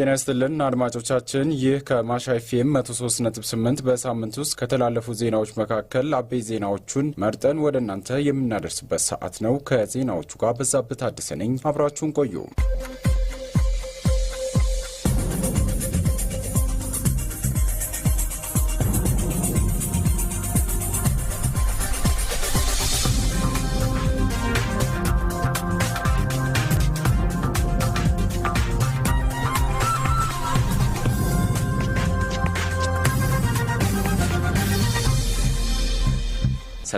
ጤና ይስጥልን አድማጮቻችን፣ ይህ ከማሻ ኤፍኤም 138 በሳምንት ውስጥ ከተላለፉ ዜናዎች መካከል አበይ ዜናዎቹን መርጠን ወደ እናንተ የምናደርስበት ሰዓት ነው። ከዜናዎቹ ጋር በዛብህ ታደሰ ነኝ። አብራችሁን ቆዩ።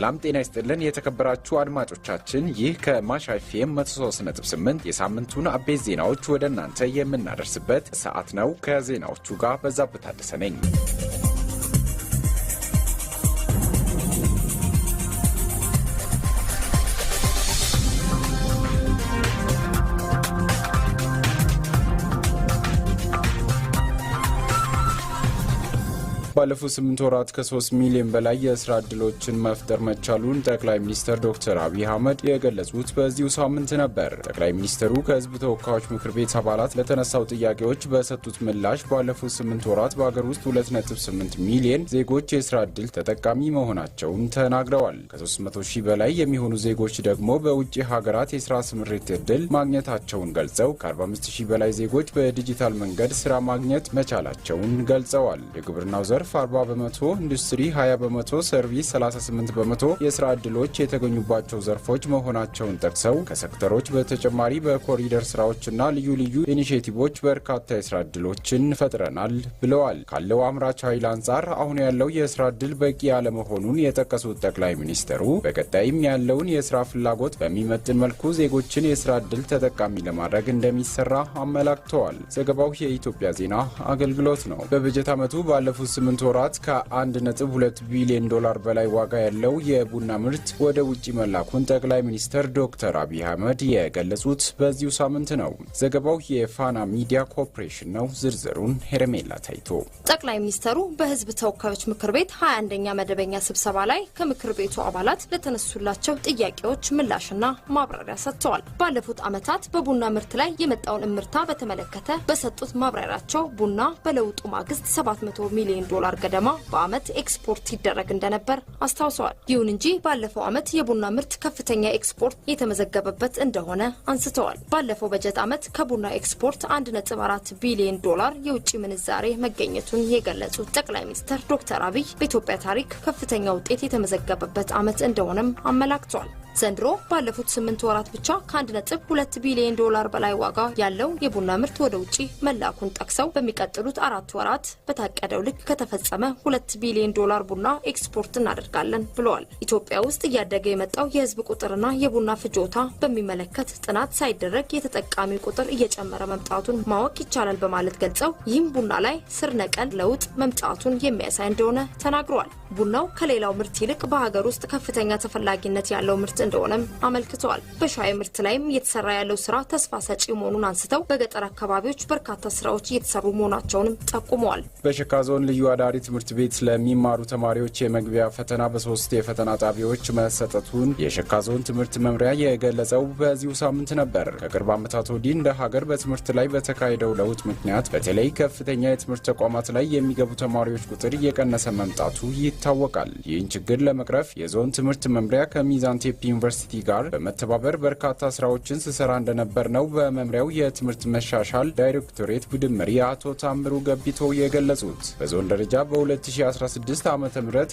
ሰላም ጤና ይስጥልን የተከበራችሁ አድማጮቻችን፣ ይህ ከማሻ ኤፍኤም 138 የሳምንቱን አቤት ዜናዎች ወደ እናንተ የምናደርስበት ሰዓት ነው። ከዜናዎቹ ጋር በዛብህ ታደሰ ነኝ። ባለፉት ስምንት ወራት ከ ከ3 ሚሊዮን በላይ የስራ ዕድሎችን መፍጠር መቻሉን ጠቅላይ ሚኒስትር ዶክተር አብይ አህመድ የገለጹት በዚሁ ሳምንት ነበር። ጠቅላይ ሚኒስትሩ ከህዝብ ተወካዮች ምክር ቤት አባላት ለተነሳው ጥያቄዎች በሰጡት ምላሽ ባለፉት ስምንት ወራት በአገር ውስጥ 2.8 ሚሊዮን ዜጎች የስራ ዕድል ተጠቃሚ መሆናቸውን ተናግረዋል። ከ300 ሺህ በላይ የሚሆኑ ዜጎች ደግሞ በውጭ ሀገራት የስራ ስምሪት ዕድል ማግኘታቸውን ገልጸው ከ45 ሺህ በላይ ዜጎች በዲጂታል መንገድ ስራ ማግኘት መቻላቸውን ገልጸዋል። የግብርናው ዘርፍ ዘርፍ 40 በመቶ፣ ኢንዱስትሪ 20 በመቶ፣ ሰርቪስ 38 በመቶ የስራ ዕድሎች የተገኙባቸው ዘርፎች መሆናቸውን ጠቅሰው ከሴክተሮች በተጨማሪ በኮሪደር ስራዎችና ልዩ ልዩ ኢኒሽቲቮች በርካታ የስራ ዕድሎችን ፈጥረናል ብለዋል። ካለው አምራች ኃይል አንጻር አሁን ያለው የስራ ዕድል በቂ ያለመሆኑን የጠቀሱት ጠቅላይ ሚኒስትሩ በቀጣይም ያለውን የስራ ፍላጎት በሚመጥን መልኩ ዜጎችን የስራ ዕድል ተጠቃሚ ለማድረግ እንደሚሰራ አመላክተዋል። ዘገባው የኢትዮጵያ ዜና አገልግሎት ነው። በበጀት ዓመቱ ባለፉት ስምንት ስምንት ወራት ከ1.2 ቢሊዮን ዶላር በላይ ዋጋ ያለው የቡና ምርት ወደ ውጭ መላኩን ጠቅላይ ሚኒስትር ዶክተር አብይ አህመድ የገለጹት በዚሁ ሳምንት ነው። ዘገባው የፋና ሚዲያ ኮርፖሬሽን ነው። ዝርዝሩን ሄረሜላ ታይቶ። ጠቅላይ ሚኒስትሩ በህዝብ ተወካዮች ምክር ቤት 21ኛ መደበኛ ስብሰባ ላይ ከምክር ቤቱ አባላት ለተነሱላቸው ጥያቄዎች ምላሽና ማብራሪያ ሰጥተዋል። ባለፉት ዓመታት በቡና ምርት ላይ የመጣውን እምርታ በተመለከተ በሰጡት ማብራሪያቸው ቡና በለውጡ ማግስት 700 ሚሊዮን ዶላር ዶላር ገደማ በዓመት ኤክስፖርት ይደረግ እንደነበር አስታውሰዋል። ይሁን እንጂ ባለፈው ዓመት የቡና ምርት ከፍተኛ ኤክስፖርት የተመዘገበበት እንደሆነ አንስተዋል። ባለፈው በጀት ዓመት ከቡና ኤክስፖርት 1.4 ቢሊዮን ዶላር የውጭ ምንዛሬ መገኘቱን የገለጹት ጠቅላይ ሚኒስትር ዶክተር አብይ በኢትዮጵያ ታሪክ ከፍተኛ ውጤት የተመዘገበበት ዓመት እንደሆነም አመላክቷል። ዘንድሮ ባለፉት ስምንት ወራት ብቻ ከ1.2 ቢሊዮን ዶላር በላይ ዋጋ ያለው የቡና ምርት ወደ ውጭ መላኩን ጠቅሰው በሚቀጥሉት አራት ወራት በታቀደው ልክ ከተፈጸመ ሁለት ቢሊዮን ዶላር ቡና ኤክስፖርት እናደርጋለን ብለዋል። ኢትዮጵያ ውስጥ እያደገ የመጣው የህዝብ ቁጥርና የቡና ፍጆታ በሚመለከት ጥናት ሳይደረግ የተጠቃሚ ቁጥር እየጨመረ መምጣቱን ማወቅ ይቻላል በማለት ገልጸው ይህም ቡና ላይ ስር ነቀል ለውጥ መምጣቱን የሚያሳይ እንደሆነ ተናግረዋል። ቡናው ከሌላው ምርት ይልቅ በሀገር ውስጥ ከፍተኛ ተፈላጊነት ያለው ምርት እንደሆነም አመልክተዋል። በሻይ ምርት ላይም እየተሰራ ያለው ስራ ተስፋ ሰጪ መሆኑን አንስተው በገጠር አካባቢዎች በርካታ ስራዎች እየተሰሩ መሆናቸውንም ጠቁመዋል። በሸካ ዞን ልዩ አዳሪ ትምህርት ቤት ለሚማሩ ተማሪዎች የመግቢያ ፈተና በሶስት የፈተና ጣቢያዎች መሰጠቱን የሸካ ዞን ትምህርት መምሪያ የገለጸው በዚሁ ሳምንት ነበር። ከቅርብ ዓመታት ወዲህ እንደ ሀገር በትምህርት ላይ በተካሄደው ለውጥ ምክንያት በተለይ ከፍተኛ የትምህርት ተቋማት ላይ የሚገቡ ተማሪዎች ቁጥር እየቀነሰ መምጣቱ ይታወቃል። ይህን ችግር ለመቅረፍ የዞን ትምህርት መምሪያ ከሚዛን ቴፒ ዩኒቨርሲቲ ጋር በመተባበር በርካታ ስራዎችን ስሰራ እንደነበር ነው በመምሪያው የትምህርት መሻሻል ዳይሬክቶሬት ቡድን መሪ አቶ ታምሩ ገቢቶ የገለጹት። በዞን ደረጃ በ2016 ዓ ም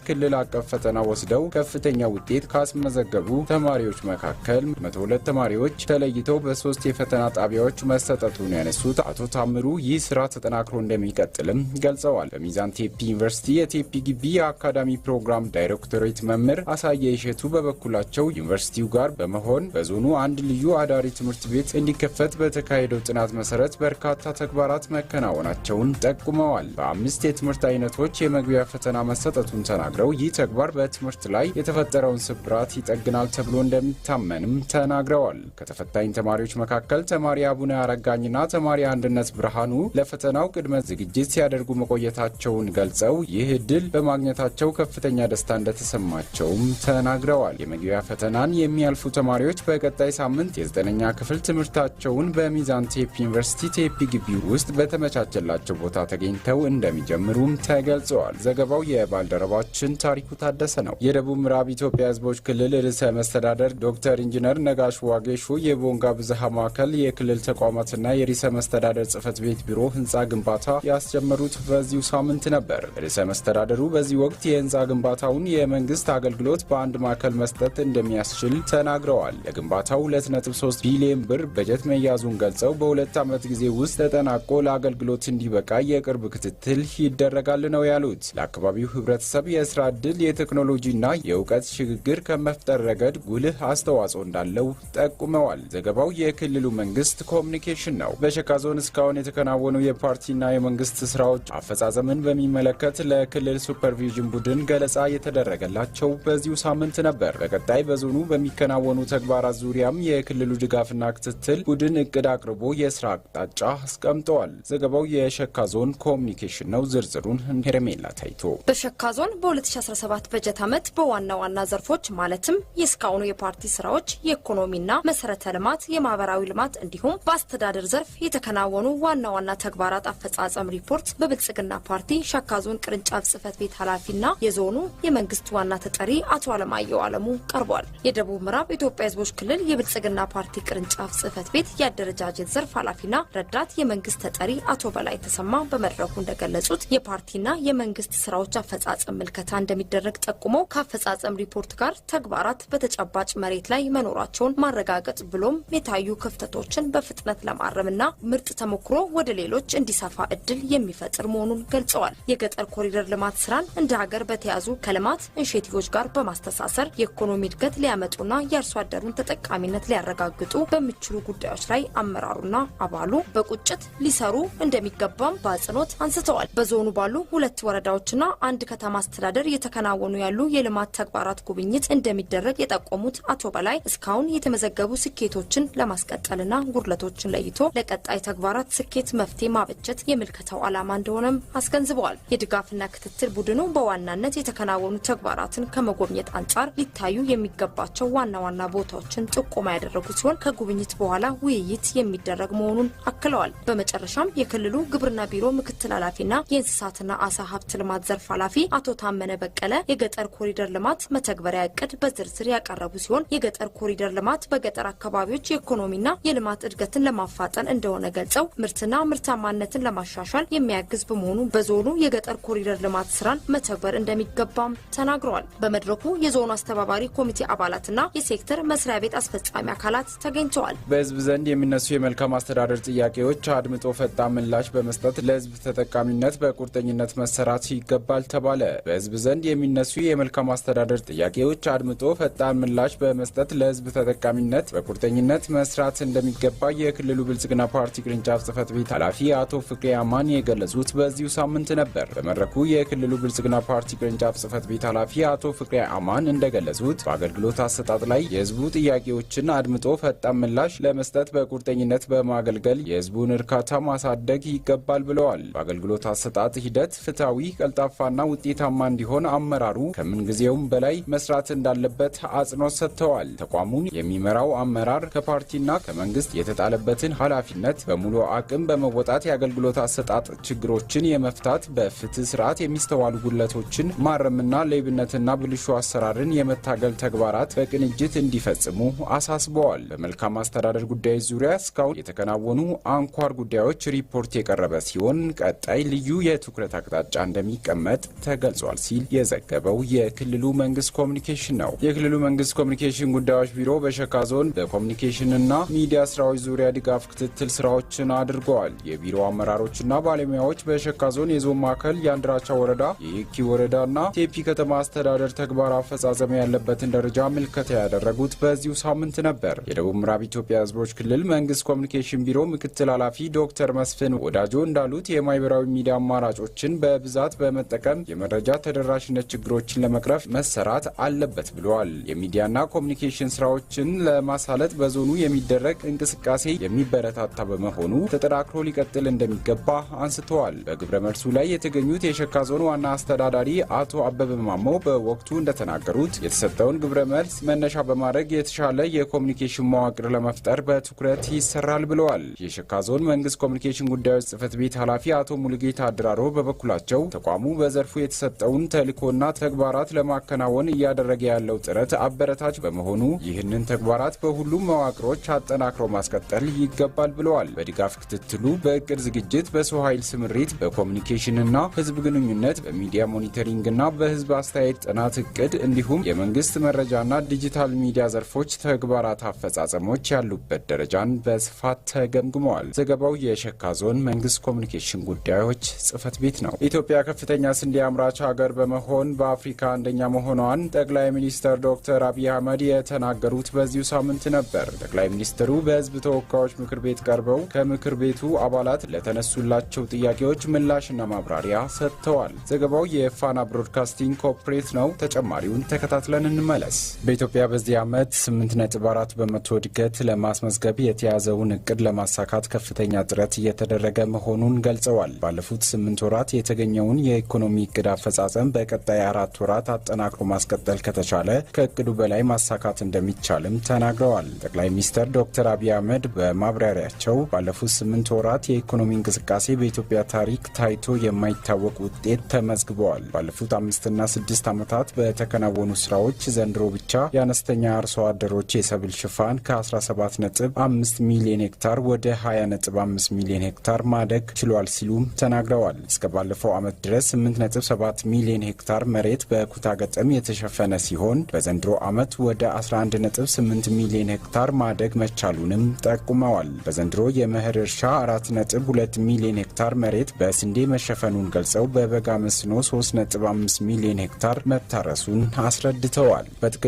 ክልል አቀፍ ፈተና ወስደው ከፍተኛ ውጤት ካስመዘገቡ ተማሪዎች መካከል 102 ተማሪዎች ተለይተው በሶስት የፈተና ጣቢያዎች መሰጠቱን ያነሱት አቶ ታምሩ ይህ ስራ ተጠናክሮ እንደሚቀጥልም ገልጸዋል። በሚዛን ቴፒ ዩኒቨርሲቲ የቴፒ ግቢ የአካዳሚ ፕሮግራም ዳይሬክቶሬት መምህር አሳየ ይሸቱ በበኩላቸው ከዩኒቨርሲቲው ጋር በመሆን በዞኑ አንድ ልዩ አዳሪ ትምህርት ቤት እንዲከፈት በተካሄደው ጥናት መሰረት በርካታ ተግባራት መከናወናቸውን ጠቁመዋል። በአምስት የትምህርት አይነቶች የመግቢያ ፈተና መሰጠቱን ተናግረው ይህ ተግባር በትምህርት ላይ የተፈጠረውን ስብራት ይጠግናል ተብሎ እንደሚታመንም ተናግረዋል። ከተፈታኝ ተማሪዎች መካከል ተማሪ አቡነ አረጋኝና ተማሪ አንድነት ብርሃኑ ለፈተናው ቅድመ ዝግጅት ሲያደርጉ መቆየታቸውን ገልጸው ይህ እድል በማግኘታቸው ከፍተኛ ደስታ እንደተሰማቸውም ተናግረዋል። የመግቢያ ፈተና ፈተናን የሚያልፉ ተማሪዎች በቀጣይ ሳምንት የዘጠነኛ ክፍል ትምህርታቸውን በሚዛን ቴፕ ዩኒቨርሲቲ ቴፒ ግቢ ውስጥ በተመቻቸላቸው ቦታ ተገኝተው እንደሚጀምሩም ተገልጸዋል። ዘገባው የባልደረባችን ታሪኩ ታደሰ ነው። የደቡብ ምዕራብ ኢትዮጵያ ህዝቦች ክልል ርዕሰ መስተዳደር ዶክተር ኢንጂነር ነጋሽ ዋጌሾ የቦንጋ ብዝሃ ማዕከል የክልል ተቋማትና የርዕሰ መስተዳደር ጽህፈት ቤት ቢሮ ህንፃ ግንባታ ያስጀመሩት በዚሁ ሳምንት ነበር። ርዕሰ መስተዳደሩ በዚህ ወቅት የህንፃ ግንባታውን የመንግስት አገልግሎት በአንድ ማዕከል መስጠት እንደሚያ እንደሚያስችል ተናግረዋል። ለግንባታው 2.3 ቢሊዮን ብር በጀት መያዙን ገልጸው በሁለት ዓመት ጊዜ ውስጥ ተጠናቆ ለአገልግሎት እንዲበቃ የቅርብ ክትትል ይደረጋል ነው ያሉት። ለአካባቢው ህብረተሰብ የስራ ዕድል የቴክኖሎጂና የእውቀት ሽግግር ከመፍጠር ረገድ ጉልህ አስተዋጽኦ እንዳለው ጠቁመዋል። ዘገባው የክልሉ መንግስት ኮሚኒኬሽን ነው። በሸካ ዞን እስካሁን የተከናወኑ የፓርቲና የመንግስት ስራዎች አፈጻጸምን በሚመለከት ለክልል ሱፐርቪዥን ቡድን ገለጻ የተደረገላቸው በዚሁ ሳምንት ነበር። በቀጣይ በዞኑ በዞኑ በሚከናወኑ ተግባራት ዙሪያም የክልሉ ድጋፍና ክትትል ቡድን እቅድ አቅርቦ የስራ አቅጣጫ አስቀምጠዋል። ዘገባው የሸካ ዞን ኮሚኒኬሽን ነው። ዝርዝሩን ሄረሜላ ታይቶ። በሸካ ዞን በ2017 በጀት ዓመት በዋና ዋና ዘርፎች ማለትም የእስካሁኑ የፓርቲ ስራዎች፣ የኢኮኖሚና መሰረተ ልማት፣ የማህበራዊ ልማት እንዲሁም በአስተዳደር ዘርፍ የተከናወኑ ዋና ዋና ተግባራት አፈጻጸም ሪፖርት በብልጽግና ፓርቲ ሸካ ዞን ቅርንጫፍ ጽህፈት ቤት ኃላፊና የዞኑ የመንግስት ዋና ተጠሪ አቶ አለማየሁ አለሙ ቀርቧል። የደቡብ ምዕራብ ኢትዮጵያ ሕዝቦች ክልል የብልጽግና ፓርቲ ቅርንጫፍ ጽህፈት ቤት የአደረጃጀት ዘርፍ ኃላፊና ረዳት የመንግስት ተጠሪ አቶ በላይ ተሰማ በመድረኩ እንደገለጹት የፓርቲና የመንግስት ስራዎች አፈጻጸም ምልከታ እንደሚደረግ ጠቁመው ከአፈጻጸም ሪፖርት ጋር ተግባራት በተጨባጭ መሬት ላይ መኖራቸውን ማረጋገጥ ብሎም የታዩ ክፍተቶችን በፍጥነት ለማረምና ምርጥ ተሞክሮ ወደ ሌሎች እንዲሰፋ እድል የሚፈጥር መሆኑን ገልጸዋል። የገጠር ኮሪደር ልማት ስራን እንደ ሀገር በተያዙ ከልማት ኢንሼቲቮች ጋር በማስተሳሰር የኢኮኖሚ እድገት ሊያ ሊያመጡና የአርሶ አደሩን ተጠቃሚነት ሊያረጋግጡ በሚችሉ ጉዳዮች ላይ አመራሩና አባሉ በቁጭት ሊሰሩ እንደሚገባም በአጽንኦት አንስተዋል። በዞኑ ባሉ ሁለት ወረዳዎችና አንድ ከተማ አስተዳደር እየተከናወኑ ያሉ የልማት ተግባራት ጉብኝት እንደሚደረግ የጠቆሙት አቶ በላይ እስካሁን የተመዘገቡ ስኬቶችን ለማስቀጠልና ጉድለቶችን ለይቶ ለቀጣይ ተግባራት ስኬት መፍትሄ ማበጀት የምልከታው ዓላማ እንደሆነም አስገንዝበዋል። የድጋፍና ክትትል ቡድኑ በዋናነት የተከናወኑ ተግባራትን ከመጎብኘት አንጻር ሊታዩ የሚገባ በሚያነሷቸው ዋና ዋና ቦታዎችን ጥቆማ ያደረጉ ሲሆን ከጉብኝት በኋላ ውይይት የሚደረግ መሆኑን አክለዋል። በመጨረሻም የክልሉ ግብርና ቢሮ ምክትል ኃላፊና የእንስሳትና አሳ ሀብት ልማት ዘርፍ ኃላፊ አቶ ታመነ በቀለ የገጠር ኮሪደር ልማት መተግበሪያ እቅድ በዝርዝር ያቀረቡ ሲሆን የገጠር ኮሪደር ልማት በገጠር አካባቢዎች የኢኮኖሚና የልማት እድገትን ለማፋጠን እንደሆነ ገልጸው ምርትና ምርታማነትን ለማሻሻል የሚያግዝ በመሆኑ በዞኑ የገጠር ኮሪደር ልማት ስራን መተግበር እንደሚገባም ተናግረዋል። በመድረኩ የዞኑ አስተባባሪ ኮሚቴ አባል አባላትና የሴክተር መስሪያ ቤት አስፈጻሚ አካላት ተገኝተዋል። በህዝብ ዘንድ የሚነሱ የመልካም አስተዳደር ጥያቄዎች አድምጦ ፈጣን ምላሽ በመስጠት ለህዝብ ተጠቃሚነት በቁርጠኝነት መሰራት ይገባል ተባለ። በህዝብ ዘንድ የሚነሱ የመልካም አስተዳደር ጥያቄዎች አድምጦ ፈጣን ምላሽ በመስጠት ለህዝብ ተጠቃሚነት በቁርጠኝነት መስራት እንደሚገባ የክልሉ ብልጽግና ፓርቲ ቅርንጫፍ ጽህፈት ቤት ኃላፊ አቶ ፍቅሬ አማን የገለጹት በዚሁ ሳምንት ነበር። በመድረኩ የክልሉ ብልጽግና ፓርቲ ቅርንጫፍ ጽህፈት ቤት ኃላፊ አቶ ፍቅሬ አማን እንደገለጹት በአገልግሎት አገልግሎት አሰጣጥ ላይ የህዝቡ ጥያቄዎችን አድምጦ ፈጣን ምላሽ ለመስጠት በቁርጠኝነት በማገልገል የህዝቡን እርካታ ማሳደግ ይገባል ብለዋል። በአገልግሎት አሰጣጥ ሂደት ፍትሐዊ፣ ቀልጣፋና ውጤታማ እንዲሆን አመራሩ ከምንጊዜውም በላይ መስራት እንዳለበት አጽንኦት ሰጥተዋል። ተቋሙን የሚመራው አመራር ከፓርቲና ከመንግስት የተጣለበትን ኃላፊነት በሙሉ አቅም በመወጣት የአገልግሎት አሰጣጥ ችግሮችን የመፍታት በፍትህ ስርዓት የሚስተዋሉ ጉድለቶችን ማረምና ሌብነትና ብልሹ አሰራርን የመታገል ተግባራት ተግባራት በቅንጅት እንዲፈጽሙ አሳስበዋል። በመልካም አስተዳደር ጉዳዮች ዙሪያ እስካሁን የተከናወኑ አንኳር ጉዳዮች ሪፖርት የቀረበ ሲሆን ቀጣይ ልዩ የትኩረት አቅጣጫ እንደሚቀመጥ ተገልጿል ሲል የዘገበው የክልሉ መንግስት ኮሚኒኬሽን ነው። የክልሉ መንግስት ኮሚኒኬሽን ጉዳዮች ቢሮ በሸካ ዞን በኮሚኒኬሽንና ሚዲያ ስራዎች ዙሪያ ድጋፍ ክትትል ስራዎችን አድርገዋል። የቢሮ አመራሮችና ባለሙያዎች በሸካ ዞን የዞን ማዕከል የአንድራቻ ወረዳ፣ የየኪ ወረዳና ቴፒ ከተማ አስተዳደር ተግባር አፈጻጸም ያለበትን ደረጃ ምልከታ ያደረጉት በዚሁ ሳምንት ነበር። የደቡብ ምዕራብ ኢትዮጵያ ህዝቦች ክልል መንግስት ኮሚኒኬሽን ቢሮ ምክትል ኃላፊ ዶክተር መስፍን ወዳጆ እንዳሉት የማህበራዊ ሚዲያ አማራጮችን በብዛት በመጠቀም የመረጃ ተደራሽነት ችግሮችን ለመቅረፍ መሰራት አለበት ብለዋል። የሚዲያና ኮሚኒኬሽን ስራዎችን ለማሳለጥ በዞኑ የሚደረግ እንቅስቃሴ የሚበረታታ በመሆኑ ተጠናክሮ ሊቀጥል እንደሚገባ አንስተዋል። በግብረ መልሱ ላይ የተገኙት የሸካ ዞን ዋና አስተዳዳሪ አቶ አበበ ማሞ በወቅቱ እንደተናገሩት የተሰጠውን ግብረ መልስ ትምህርት መነሻ በማድረግ የተሻለ የኮሚኒኬሽን መዋቅር ለመፍጠር በትኩረት ይሰራል ብለዋል። የሸካ ዞን መንግስት ኮሚኒኬሽን ጉዳዮች ጽህፈት ቤት ኃላፊ አቶ ሙሉጌታ አድራሮ በበኩላቸው ተቋሙ በዘርፉ የተሰጠውን ተልእኮና ተግባራት ለማከናወን እያደረገ ያለው ጥረት አበረታች በመሆኑ ይህንን ተግባራት በሁሉም መዋቅሮች አጠናክሮ ማስቀጠል ይገባል ብለዋል። በድጋፍ ክትትሉ፣ በእቅድ ዝግጅት፣ በሰው ኃይል ስምሪት፣ በኮሚኒኬሽንና ህዝብ ግንኙነት፣ በሚዲያ ሞኒተሪንግና በህዝብ አስተያየት ጥናት እቅድ እንዲሁም የመንግስት መረጃና ዲጂታል ሚዲያ ዘርፎች ተግባራት አፈጻጸሞች ያሉበት ደረጃን በስፋት ተገምግመዋል። ዘገባው የሸካ ዞን መንግስት ኮሚኒኬሽን ጉዳዮች ጽህፈት ቤት ነው። ኢትዮጵያ ከፍተኛ ስንዴ አምራች ሀገር በመሆን በአፍሪካ አንደኛ መሆኗን ጠቅላይ ሚኒስትር ዶክተር አብይ አህመድ የተናገሩት በዚሁ ሳምንት ነበር። ጠቅላይ ሚኒስትሩ በህዝብ ተወካዮች ምክር ቤት ቀርበው ከምክር ቤቱ አባላት ለተነሱላቸው ጥያቄዎች ምላሽና ማብራሪያ ሰጥተዋል። ዘገባው የፋና ብሮድካስቲንግ ኮርፖሬት ነው። ተጨማሪውን ተከታትለን እንመለስ። በኢትዮጵያ በዚህ ዓመት 8.4 በመቶ እድገት ለማስመዝገብ የተያዘውን እቅድ ለማሳካት ከፍተኛ ጥረት እየተደረገ መሆኑን ገልጸዋል። ባለፉት ስምንት ወራት የተገኘውን የኢኮኖሚ እቅድ አፈጻጸም በቀጣይ አራት ወራት አጠናክሮ ማስቀጠል ከተቻለ ከእቅዱ በላይ ማሳካት እንደሚቻልም ተናግረዋል። ጠቅላይ ሚኒስትር ዶክተር አብይ አህመድ በማብራሪያቸው ባለፉት ስምንት ወራት የኢኮኖሚ እንቅስቃሴ በኢትዮጵያ ታሪክ ታይቶ የማይታወቅ ውጤት ተመዝግበዋል። ባለፉት አምስትና ስድስት ዓመታት በተከናወኑ ስራዎች ዘንድሮ ብቻ የአነስተኛ አርሶ አደሮች የሰብል ሽፋን ከ17.5 ሚሊዮን ሄክታር ወደ 2ነጥ5 ሚሊዮን ሄክታር ማደግ ችሏል ሲሉም ተናግረዋል። እስከ ባለፈው ዓመት ድረስ 8.7 ሚሊዮን ሄክታር መሬት በኩታ ገጠም የተሸፈነ ሲሆን በዘንድሮ ዓመት ወደ 11.8 ሚሊዮን ሄክታር ማደግ መቻሉንም ጠቁመዋል። በዘንድሮ የመኸር እርሻ 4.2 ሚሊዮን ሄክታር መሬት በስንዴ መሸፈኑን ገልጸው በበጋ መስኖ 3.5 ሚሊዮን ሄክታር መታረሱን አስረድተዋል።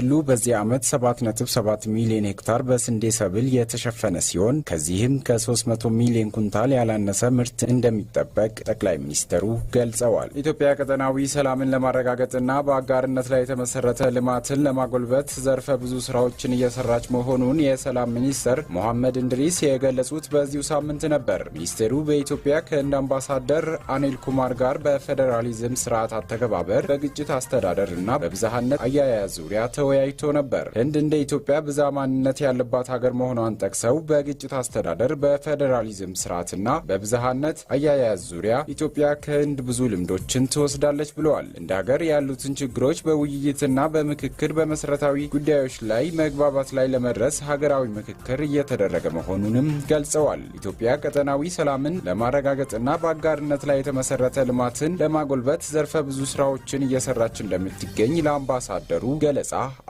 ክልሉ በዚህ ዓመት 7.7 ሚሊዮን ሄክታር በስንዴ ሰብል የተሸፈነ ሲሆን ከዚህም ከ300 ሚሊዮን ኩንታል ያላነሰ ምርት እንደሚጠበቅ ጠቅላይ ሚኒስትሩ ገልጸዋል። ኢትዮጵያ ቀጠናዊ ሰላምን ለማረጋገጥና በአጋርነት ላይ የተመሰረተ ልማትን ለማጎልበት ዘርፈ ብዙ ስራዎችን እየሰራች መሆኑን የሰላም ሚኒስትር ሞሐመድ እንድሪስ የገለጹት በዚሁ ሳምንት ነበር። ሚኒስትሩ በኢትዮጵያ ከህንድ አምባሳደር አኒል ኩማር ጋር በፌዴራሊዝም ስርዓት አተገባበር፣ በግጭት አስተዳደር እና በብዝሃነት አያያዝ ዙሪያ ተወያ ተወያይቶ ነበር። ህንድ እንደ ኢትዮጵያ ብዛ ማንነት ያለባት ሀገር መሆኗን ጠቅሰው በግጭት አስተዳደር፣ በፌዴራሊዝም ስርዓትና በብዝሃነት አያያዝ ዙሪያ ኢትዮጵያ ከህንድ ብዙ ልምዶችን ትወስዳለች ብለዋል። እንደ ሀገር ያሉትን ችግሮች በውይይትና በምክክር በመሰረታዊ ጉዳዮች ላይ መግባባት ላይ ለመድረስ ሀገራዊ ምክክር እየተደረገ መሆኑንም ገልጸዋል። ኢትዮጵያ ቀጠናዊ ሰላምን ለማረጋገጥና በአጋርነት ላይ የተመሰረተ ልማትን ለማጎልበት ዘርፈ ብዙ ስራዎችን እየሰራች እንደምትገኝ ለአምባሳደሩ ገለጻ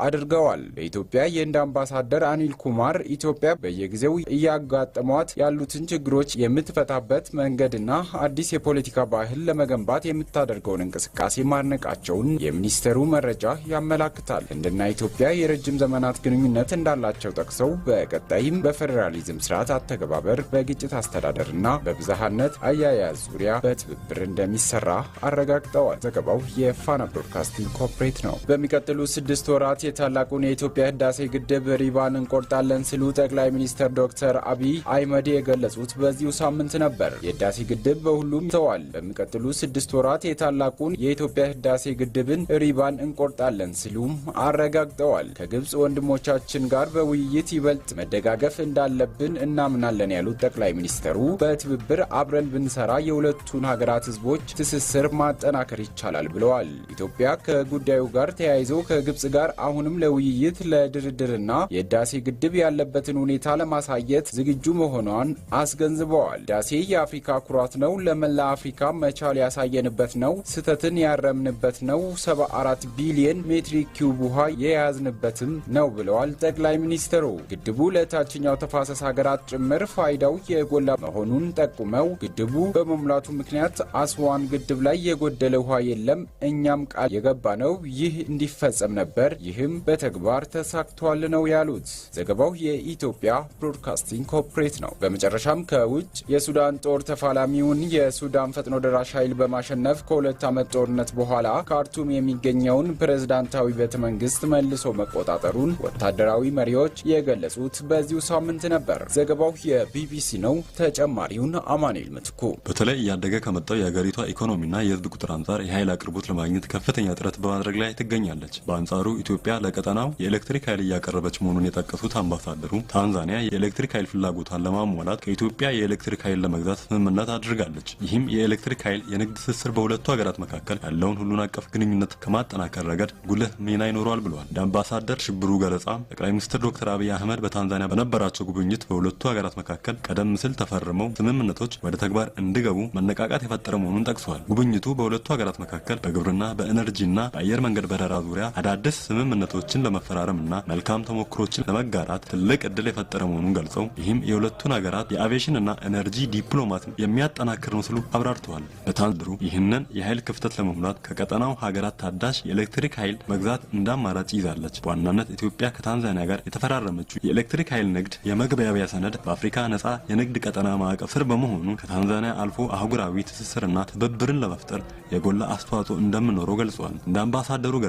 አድርገዋል። በኢትዮጵያ የህንድ አምባሳደር አኒል ኩማር ኢትዮጵያ በየጊዜው እያጋጠሟት ያሉትን ችግሮች የምትፈታበት መንገድና አዲስ የፖለቲካ ባህል ለመገንባት የምታደርገውን እንቅስቃሴ ማድነቃቸውን የሚኒስቴሩ መረጃ ያመላክታል። ህንድና ኢትዮጵያ የረጅም ዘመናት ግንኙነት እንዳላቸው ጠቅሰው በቀጣይም በፌዴራሊዝም ስርዓት አተገባበር፣ በግጭት አስተዳደርና በብዝሃነት አያያዝ ዙሪያ በትብብር እንደሚሰራ አረጋግጠዋል። ዘገባው የፋና ብሮድካስቲንግ ኮርፖሬት ነው። በሚቀጥሉ ስድስት ወራት የታላቁን የኢትዮጵያ ህዳሴ ግድብ ሪባን እንቆርጣለን ሲሉ ጠቅላይ ሚኒስትር ዶክተር አብይ አህመድ የገለጹት በዚሁ ሳምንት ነበር። የህዳሴ ግድብ በሁሉም ተዋል በሚቀጥሉ ስድስት ወራት የታላቁን የኢትዮጵያ ህዳሴ ግድብን ሪባን እንቆርጣለን ሲሉም አረጋግጠዋል። ከግብፅ ወንድሞቻችን ጋር በውይይት ይበልጥ መደጋገፍ እንዳለብን እናምናለን ያሉት ጠቅላይ ሚኒስትሩ በትብብር አብረን ብንሰራ የሁለቱን ሀገራት ህዝቦች ትስስር ማጠናከር ይቻላል ብለዋል። ኢትዮጵያ ከጉዳዩ ጋር ተያይዞ ከግብፅ ጋር አሁን አሁንም ለውይይት ለድርድርና የህዳሴ ግድብ ያለበትን ሁኔታ ለማሳየት ዝግጁ መሆኗን አስገንዝበዋል። ህዳሴ የአፍሪካ ኩራት ነው። ለመላ አፍሪካ መቻል ያሳየንበት ነው። ስህተትን ያረምንበት ነው። 74 ቢሊየን ሜትሪክ ኪዩብ ውሃ የያዝንበትም ነው ብለዋል ጠቅላይ ሚኒስትሩ። ግድቡ ለታችኛው ተፋሰስ ሀገራት ጭምር ፋይዳው የጎላ መሆኑን ጠቁመው ግድቡ በመሙላቱ ምክንያት አስዋን ግድብ ላይ የጎደለ ውሃ የለም፣ እኛም ቃል የገባ ነው ይህ እንዲፈጸም ነበር ይህም ይህም በተግባር ተሳክቷል ነው ያሉት። ዘገባው የኢትዮጵያ ብሮድካስቲንግ ኮርፖሬት ነው። በመጨረሻም ከውጭ የሱዳን ጦር ተፋላሚውን የሱዳን ፈጥኖ ደራሽ ኃይል በማሸነፍ ከሁለት ዓመት ጦርነት በኋላ ካርቱም የሚገኘውን ፕሬዝዳንታዊ ቤተ መንግስት መልሶ መቆጣጠሩን ወታደራዊ መሪዎች የገለጹት በዚሁ ሳምንት ነበር። ዘገባው የቢቢሲ ነው። ተጨማሪውን አማኔል ምትኩ። በተለይ እያደገ ከመጣው የሀገሪቷ ኢኮኖሚና የህዝብ ቁጥር አንጻር የኃይል አቅርቦት ለማግኘት ከፍተኛ ጥረት በማድረግ ላይ ትገኛለች። በአንጻሩ ኢትዮጵያ ለቀጠናው የኤሌክትሪክ ኃይል እያቀረበች መሆኑን የጠቀሱት አምባሳደሩ ታንዛኒያ የኤሌክትሪክ ኃይል ፍላጎቷን ለማሟላት ከኢትዮጵያ የኤሌክትሪክ ኃይል ለመግዛት ስምምነት አድርጋለች። ይህም የኤሌክትሪክ ኃይል የንግድ ትስስር በሁለቱ ሀገራት መካከል ያለውን ሁሉን አቀፍ ግንኙነት ከማጠናከር ረገድ ጉልህ ሚና ይኖረዋል ብለዋል። እንደ አምባሳደር ሽብሩ ገለጻ ጠቅላይ ሚኒስትር ዶክተር አብይ አህመድ በታንዛኒያ በነበራቸው ጉብኝት በሁለቱ ሀገራት መካከል ቀደም ሲል ተፈርመው ስምምነቶች ወደ ተግባር እንዲገቡ መነቃቃት የፈጠረ መሆኑን ጠቅሰዋል። ጉብኝቱ በሁለቱ ሀገራት መካከል በግብርና በኤነርጂና በአየር መንገድ በረራ ዙሪያ አዳዲስ ስምምነት ስምምነቶችን ለመፈራረም እና መልካም ተሞክሮችን ለመጋራት ትልቅ እድል የፈጠረ መሆኑን ገልጸው ይህም የሁለቱን ሀገራት የአቪዬሽን እና ኤነርጂ ዲፕሎማት የሚያጠናክር ነው ሲሉ አብራርተዋል። በታንድሩ ይህንን የኃይል ክፍተት ለመሙላት ከቀጠናው ሀገራት ታዳሽ የኤሌክትሪክ ኃይል መግዛት እንደ አማራጭ ይዛለች። በዋናነት ኢትዮጵያ ከታንዛኒያ ጋር የተፈራረመችው የኤሌክትሪክ ኃይል ንግድ የመግቢያቢያ ሰነድ በአፍሪካ ነጻ የንግድ ቀጠና ማዕቀፍ ስር በመሆኑ ከታንዛኒያ አልፎ አህጉራዊ ትስስርና ትብብርን ለመፍጠር የጎላ አስተዋጽኦ እንደምኖረው ገልጿል። እንደ አምባሳደሩ ገለ